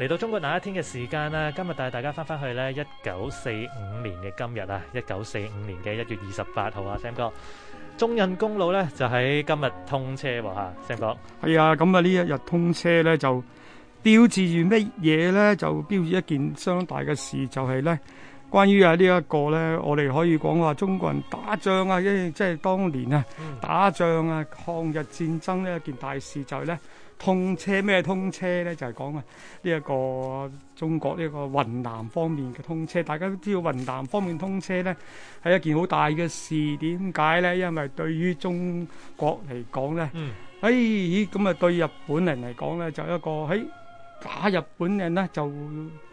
嚟到中國那一天嘅時間咧，今日帶大家返返去咧一九四五年嘅今日啊，一九四五年嘅一月二十八號啊，Sam 哥，中印公路咧就喺今日通車喎吓，Sam 哥，係啊，咁啊呢一日通車咧就標誌住乜嘢咧？就標誌一件相當大嘅事，就係咧關於啊呢一個咧，我哋可以講話中國人打仗啊，因為即係當年啊打仗啊抗日戰爭咧一件大事就係咧。通車咩？通車呢就係、是、講啊呢一個中國呢一個雲南方面嘅通車，大家都知道雲南方面通車呢係一件好大嘅事。點解呢？因為對於中國嚟講呢，嗯、哎咦咁啊對日本人嚟講呢，就一個喺、哎、打日本人呢，就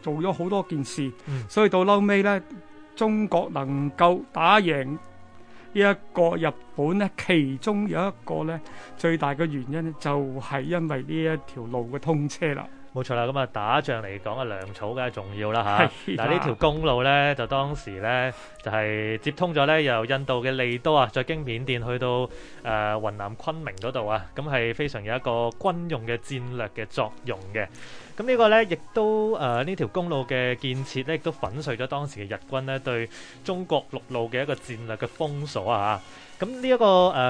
做咗好多件事，嗯、所以到嬲尾呢，中國能夠打贏。呢一個日本咧，其中有一個咧，最大嘅原因咧，就係因為呢一條路嘅通車啦。冇錯啦，咁啊，打仗嚟講啊，糧草梗係重要啦嚇。嗱，呢條公路咧，就當時咧就係接通咗咧，由印度嘅利多啊，再經緬甸去到誒雲南昆明嗰度啊，咁係非常有一個軍用嘅戰略嘅作用嘅。咁呢個咧亦都誒，呢條公路嘅建設咧，亦都粉碎咗當時嘅日軍咧對中國陸路嘅一個戰略嘅封鎖啊。咁呢一個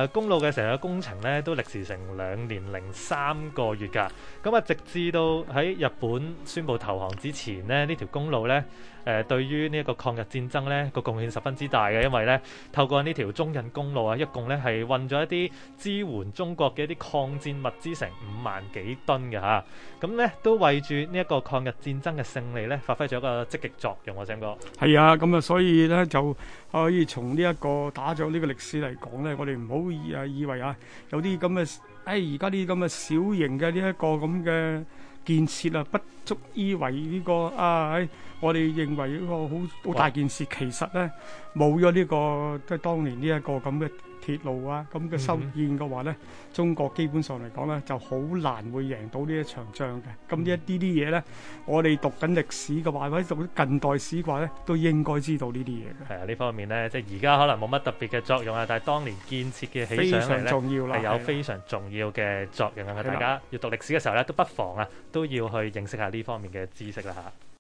誒公路嘅成個工程咧，都歷時成兩年零三個月㗎。咁啊，直至到喺日本宣布投降之前呢，呢條公路呢，誒對於呢一個抗日戰爭呢個貢獻十分之大嘅，因為呢透過呢條中印公路啊，一共呢係運咗一啲支援中國嘅一啲抗戰物資成五萬幾噸㗎吓。咁呢都為住呢一個抗日戰爭嘅勝利呢發揮咗一個積極作用，我想講。係啊，咁啊，所以呢，就可以從呢一個打仗呢個歷史嚟講呢，我哋唔好啊以為啊有啲咁嘅誒而家啲咁嘅小型嘅呢一個咁嘅。建設啊，不足以為呢個啊！哎、我哋認為呢個好好大件事，哇其實咧冇咗呢個即係當年呢一個咁嘅。鐵路啊，咁嘅修建嘅話呢，嗯、哼中國基本上嚟講呢，就好難會贏到呢一場仗嘅。咁呢一啲啲嘢呢，嗯、哼我哋讀緊歷史嘅話，或者讀近代史嘅話呢，都應該知道呢啲嘢。係啊，呢方面呢，即係而家可能冇乜特別嘅作用啊，但係當年建設嘅起上嚟呢，非常重要啦，係有非常重要嘅作用啊。的大家要讀歷史嘅時候呢，都不妨啊都要去認識下呢方面嘅知識啦吓。